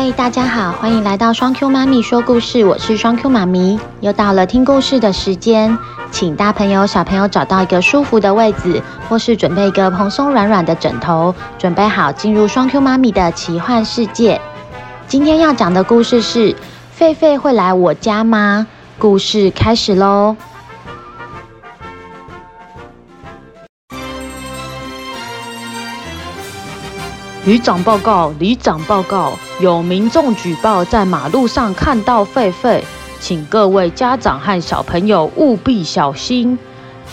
嗨，大家好，歡迎來到雙 Q 媽咪說故事，我是雙 Q 媽咪，又到了聽故事的時間，請大朋友小朋友找到一個舒服的位置，或是準備一個蓬鬆軟軟的枕頭，準備好進入雙 Q 媽咪的奇幻世界。今天要講的故事是《狒狒會來我家嗎》？故事開始嘍。里長報告，里長報告，有民眾舉報在馬路上看到狒狒，請各位家長和小朋友務必小心。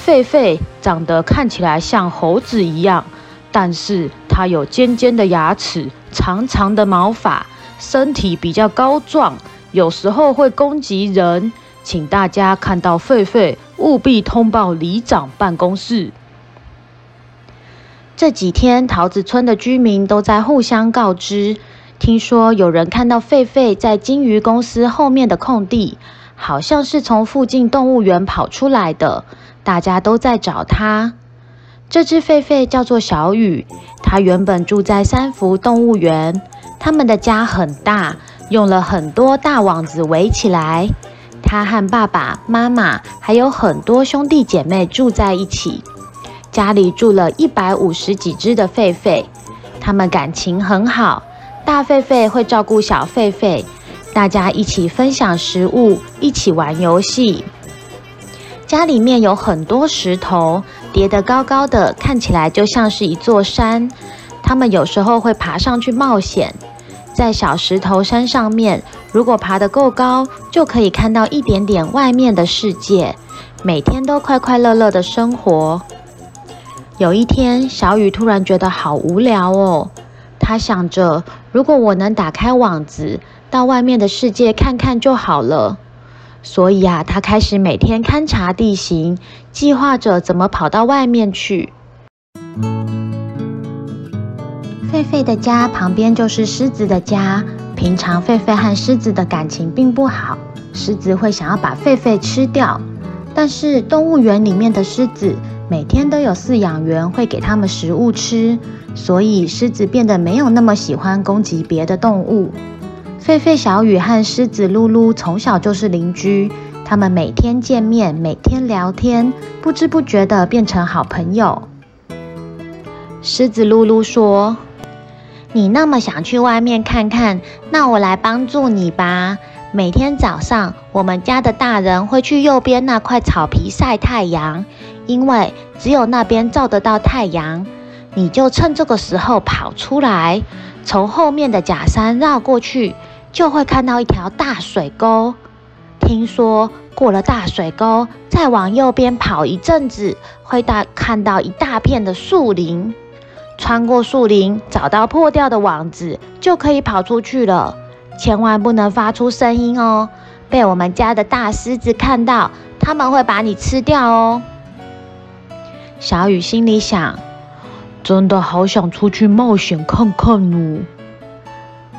狒狒長得看起來像猴子一樣，但是它有尖尖的牙齒、長長的毛髮，身體比較高壯，有時候會攻擊人，請大家看到狒狒務必通報里長辦公室。這幾天，桃子村的居民都在互相告知，聽說有人看到狒狒在鯨魚公司後面的空地，好像是從附近動物園跑出來的，大家都在找它。這隻狒狒叫做小宇，它原本住在三福動物園，他們的家很大，用了很多大網子圍起來，它和爸爸媽媽還有很多兄弟姐妹住在一起。家裡住了一百五十幾隻的狒狒，它們感情很好，大狒狒會照顧小狒狒，大家一起分享食物，一起玩遊戲。家裡面有很多石頭疊得高高的，看起來就像是一座山。它們有時候會爬上去冒險，在小石頭山上面，如果爬得夠高，就可以看到一點點外面的世界。每天都快快樂樂的生活。有一天，小宇突然覺得好無聊哦。他想着，如果我能打開網子，到外面的世界看看就好了。所以啊，他開始每天勘察地形，計劃着怎麼跑到外面去。狒狒的家旁邊就是獅子的家。平常狒狒和獅子的感情並不好，獅子會想要把狒狒吃掉。但是動物園裡面的獅子，每天都有飼養員會給他們食物吃，所以獅子變得沒有那麼喜歡攻擊別的動物。狒狒小宇和獅子嚕嚕從小就是鄰居，他們每天見面，每天聊天，不知不覺的變成好朋友。獅子嚕嚕說：“你那麼想去外面看看，那我來幫助你吧。每天早上，我們家的大人會去右邊那塊草皮曬太陽。”因為只有那邊照得到太陽，你就趁這個時候跑出來，從後面的假山繞過去，就會看到一條大水溝。聽說過了大水溝，再往右邊跑一陣子，會大看到一大片的樹林。穿過樹林，找到破掉的網子，就可以跑出去了。千萬不能發出聲音哦，被我們家的大獅子看到，他們會把你吃掉哦。小宇心裡想：“真的好想出去冒險看看哦。”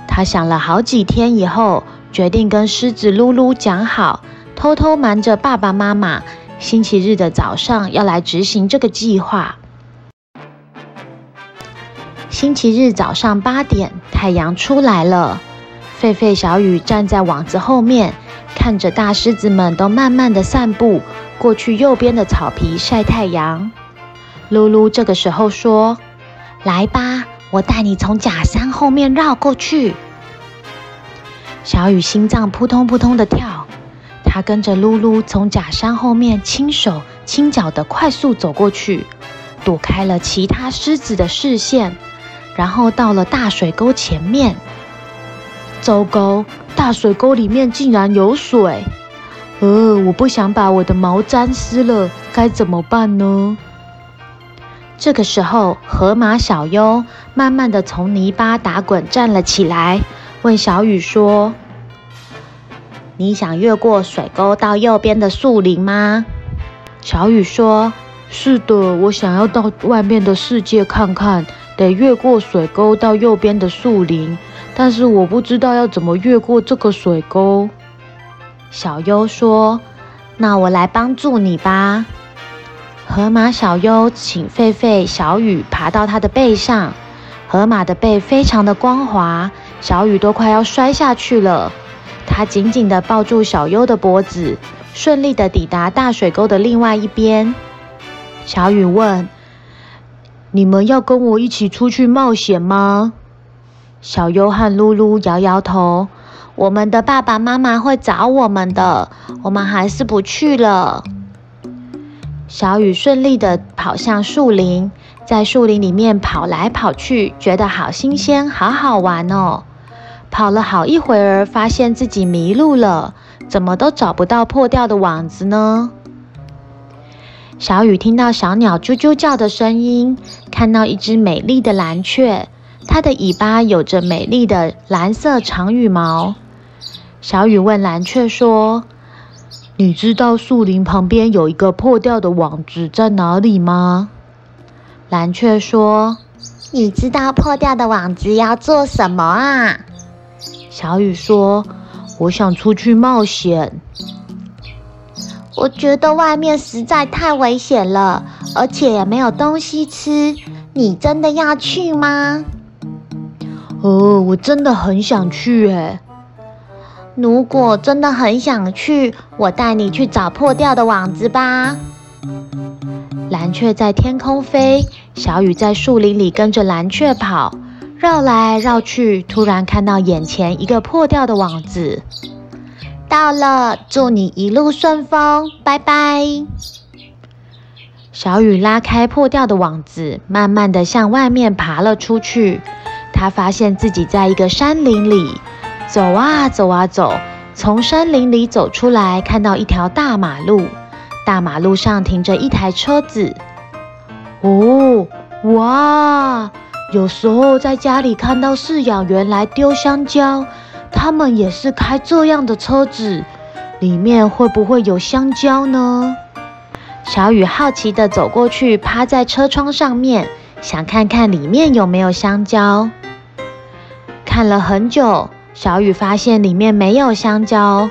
他想了好幾天以後，決定跟獅子嚕嚕講好，偷偷瞞着爸爸媽媽，星期日的早上要來執行這個計劃。星期日早上八點，太陽出來了，狒狒小宇站在網子後面，看着大獅子們都慢慢的散步過去右邊的草皮曬太陽。露露這個時候說：“來吧，我帶你從假山後面繞過去。”小宇心臟撲通撲通的跳，他跟着露露從假山後面輕手輕腳的快速走過去，躲開了其他獅子的視線，然後到了大水溝前面。糟糕！大水溝裡面竟然有水！呃，我不想把我的毛沾濕了，該怎麼辦呢？這個時候，河馬小優慢慢的從泥巴打滾站了起來，問小宇說：“你想越過水溝到右邊的樹林嗎？”小宇說：“是的，我想要到外面的世界看看，得越過水溝到右邊的樹林，但是我不知道要怎麼越過這個水溝。”小優說：“那我來幫助你吧。”河馬小優請狒狒小宇爬到它的背上，河馬的背非常的光滑，小宇都快要摔下去了。它緊緊地抱住小優的脖子，順利地抵達大水溝的另外一邊。小宇問：“你們要跟我一起出去冒險嗎？”小優和露露搖搖搖頭：“我們的爸爸媽媽會找我們的，我們還是不去了。”小宇順利地跑向樹林，在樹林裡面跑來跑去，覺得好新鮮，好好玩哦。跑了好一會兒，發現自己迷路了，怎麼都找不到破掉的網子呢？小宇聽到小鳥啾啾叫的聲音，看到一隻美麗的藍雀，它的尾巴有着美麗的藍色長羽毛。小宇問藍雀說：你知道樹林旁邊有一個破掉的網子在哪裡嗎？藍雀說：“你知道破掉的網子要做什麼啊？”小宇說：“我想出去冒險。我覺得外面實在太危險了，而且也沒有東西吃。你真的要去嗎？”哦，我真的很想去耶。如果真的很想去，我帶你去找破掉的網子吧。藍雀在天空飛，小宇在樹林裡跟着藍雀跑，繞來繞去，突然看到眼前一個破掉的網子。到了，祝你一路順風，拜拜。小宇拉開破掉的網子，慢慢的向外面爬了出去。他發現自己在一個山林裡。走啊走啊走，從山林裡走出來，看到一條大馬路。大馬路上停着一台車子。哦，哇！有時候在家裡看到飼養員來丟香蕉，他們也是開這樣的車子。裡面會不會有香蕉呢？小宇好奇地走過去，趴在車窗上面，想看看裡面有沒有香蕉。看了很久。小宇發現裡面沒有香蕉，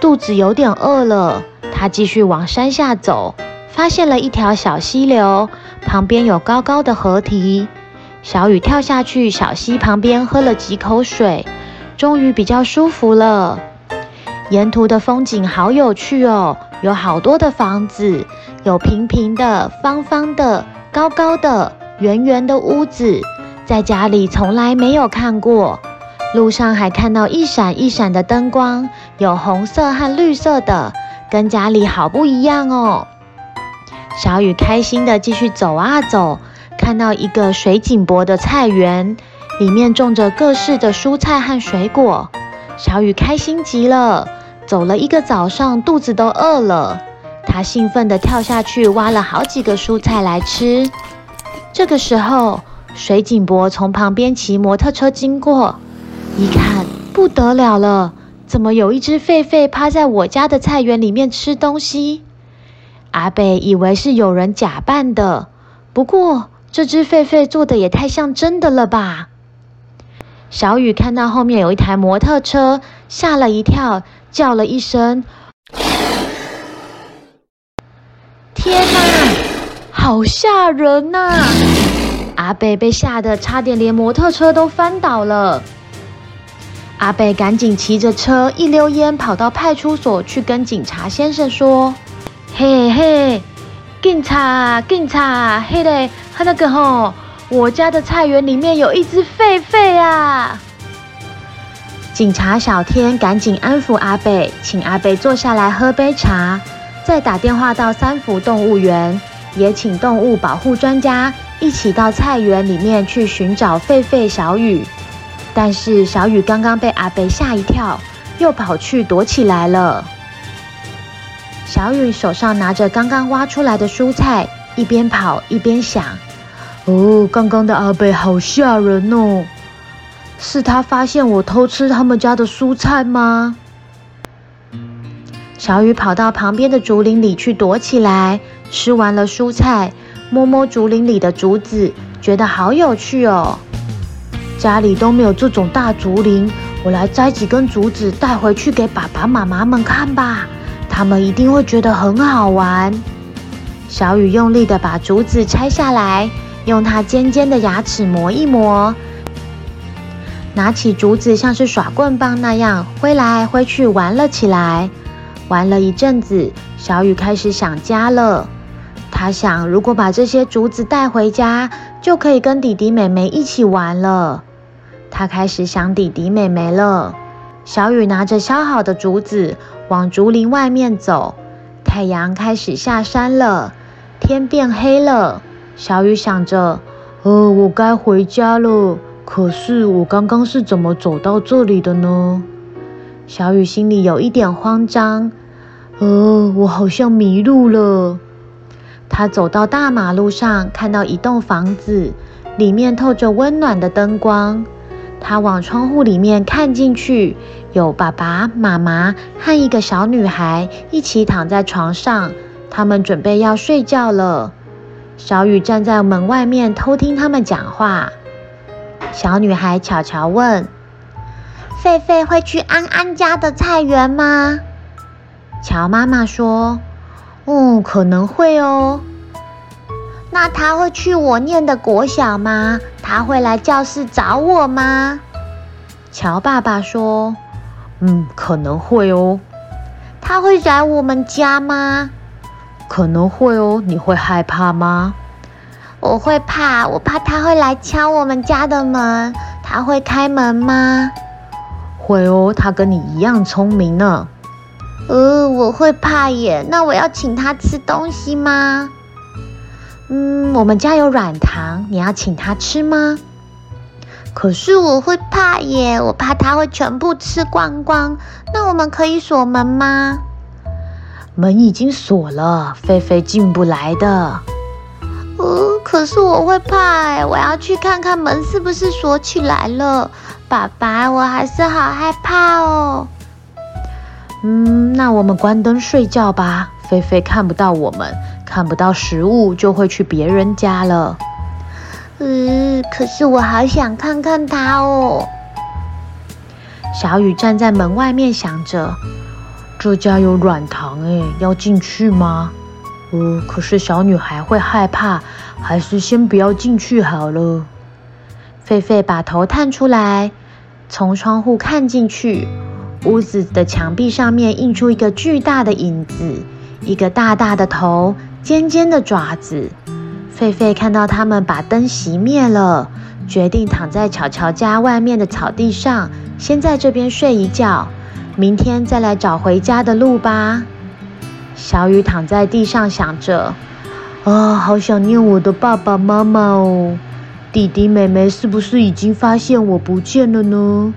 肚子有點餓了。他繼續往山下走，發現了一條小溪流，旁邊有高高的河堤。小宇跳下去，小溪旁邊喝了幾口水，終於比較舒服了。沿途的風景好有趣哦，有好多的房子，有平平的、方方的、高高的、圓圓的屋子，在家裡從來沒有看過。路上還看到一閃一閃的燈光，有紅色和綠色的，跟家裡好不一樣哦。小宇開心的繼續走啊走，看到一個水井博的菜園，裡面種着各式的蔬菜和水果。小宇開心極了，走了一個早上，肚子都餓了，他興奮的跳下去挖了好幾個蔬菜來吃。這個時候，水井博從旁邊騎摩托車經過。一看不得了了，怎麼有一隻狒狒趴在我家的菜園裡面吃東西？阿伯以為是有人假扮的，不過這隻狒狒做的也太像真的了吧？小雨看到後面有一台摩托車，嚇了一跳，叫了一聲：“天哪，好嚇人吶！”阿伯被嚇得差點連摩托車都翻倒了。阿北趕緊騎着車一溜煙跑到派出所去跟警察先生說：“嘿嘿，警察警察，嘿嘞，他那個吼、哦，我家的菜園裡面有一只狒狒啊！”警察小天趕緊安撫阿北，請阿北坐下來喝杯茶，再打電話到三福動物園，也請動物保護專家一起到菜園裡面去尋找狒狒小宇。但是小宇剛剛被阿伯嚇一跳，又跑去躲起來了。小宇手上拿着剛剛挖出來的蔬菜，一邊跑一邊想：“哦，剛剛的阿伯好嚇人哦，是他發現我偷吃他們家的蔬菜嗎？”小宇跑到旁邊的竹林裡去躲起來，吃完了蔬菜，摸摸竹林裡的竹子，覺得好有趣哦。家裡都沒有這種大竹林，我來摘幾根竹子帶回去給爸爸媽媽們看吧，他們一定會覺得很好玩。小宇用力地把竹子拆下來，用它尖尖的牙齒磨一磨，拿起竹子像是耍棍棒那樣揮來揮去玩了起來。玩了一陣子，小宇開始想家了。他想，如果把這些竹子帶回家，就可以跟弟弟妹妹一起玩了。他開始想弟弟妹妹了。小宇拿着削好的竹子往竹林外面走。太陽開始下山了，天變黑了。小宇想着：“呃，我該回家了。”可是我剛剛是怎麼走到這裡的呢？小宇心裡有一點慌張：“呃，我好像迷路了。”他走到大馬路上，看到一棟房子，裡面透着溫暖的燈光。他往窗戶裡面看進去，有爸爸、媽媽和一個小女孩一起躺在床上，他們準備要睡覺了。小宇站在門外面偷聽他們講話。小女孩巧巧問：“狒狒會去安安家的菜園嗎？”喬媽媽說：“嗯，可能會哦。那他會去我念的國小嗎？”他會來教室找我嗎？喬爸爸說：“嗯，可能會哦。”他會來我們家嗎？可能會哦。你會害怕嗎？我會怕，我怕他會來敲我們家的門。他會開門嗎？會哦，他跟你一樣聰明呢、啊。呃，我會怕耶。那我要請他吃東西嗎？嗯，我們家有軟糖，你要請他吃嗎？可是我會怕耶，我怕他會全部吃光光。那我們可以鎖門嗎？門已經鎖了，狒狒進不來的。嗯、呃，可是我會怕耶，我要去看看門是不是鎖起來了。爸爸，我還是好害怕哦。嗯，那我們關燈睡覺吧，狒狒看不到我們。看不到食物就會去別人家了。嗯，可是我好想看看他哦。小雨站在門外面，想着這家有軟糖欸，要進去嗎？哦、嗯，可是小女孩會害怕，還是先不要進去好了。狒狒把頭探出來，從窗戶看進去，屋子的牆壁上面印出一個巨大的影子，一個大大的頭。尖尖的爪子，狒狒看到他們把燈熄滅了，決定躺在巧巧家外面的草地上，先在這邊睡一覺，明天再來找回家的路吧。小宇躺在地上想着：“啊、哦，好想念我的爸爸媽媽哦，弟弟妹妹是不是已經發現我不見了呢？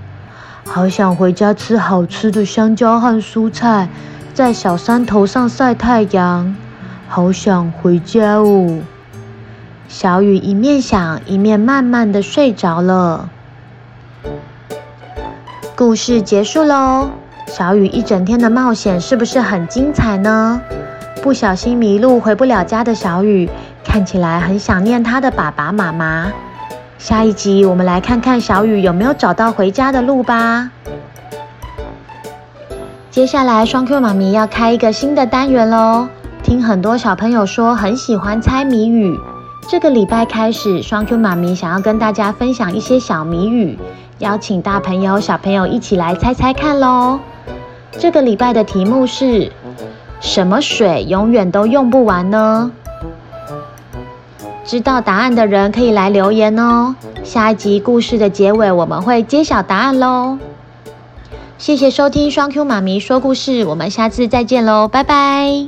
好想回家吃好吃的香蕉和蔬菜，在小山頭上曬太陽。”好想回家哦！小宇一面想，一面慢慢的睡着了。故事結束嘍，小宇一整天的冒險是不是很精彩呢？不小心迷路回不了家的小宇，看起來很想念他的爸爸媽媽。下一集我們來看看小宇有沒有找到回家的路吧。接下來雙 Q 媽咪要開一個新的單元嘍。聽很多小朋友說很喜歡猜謎語，這個禮拜開始，雙 Q 媽咪想要跟大家分享一些小謎語，邀請大朋友、小朋友一起來猜猜看咯。這個禮拜的題目是，什麼水永遠都用不完呢？知道答案的人可以來留言哦。下一集故事的結尾我們會揭曉答案嘍。謝謝收聽雙 Q 媽咪說故事，我們下次再見嘍，拜拜。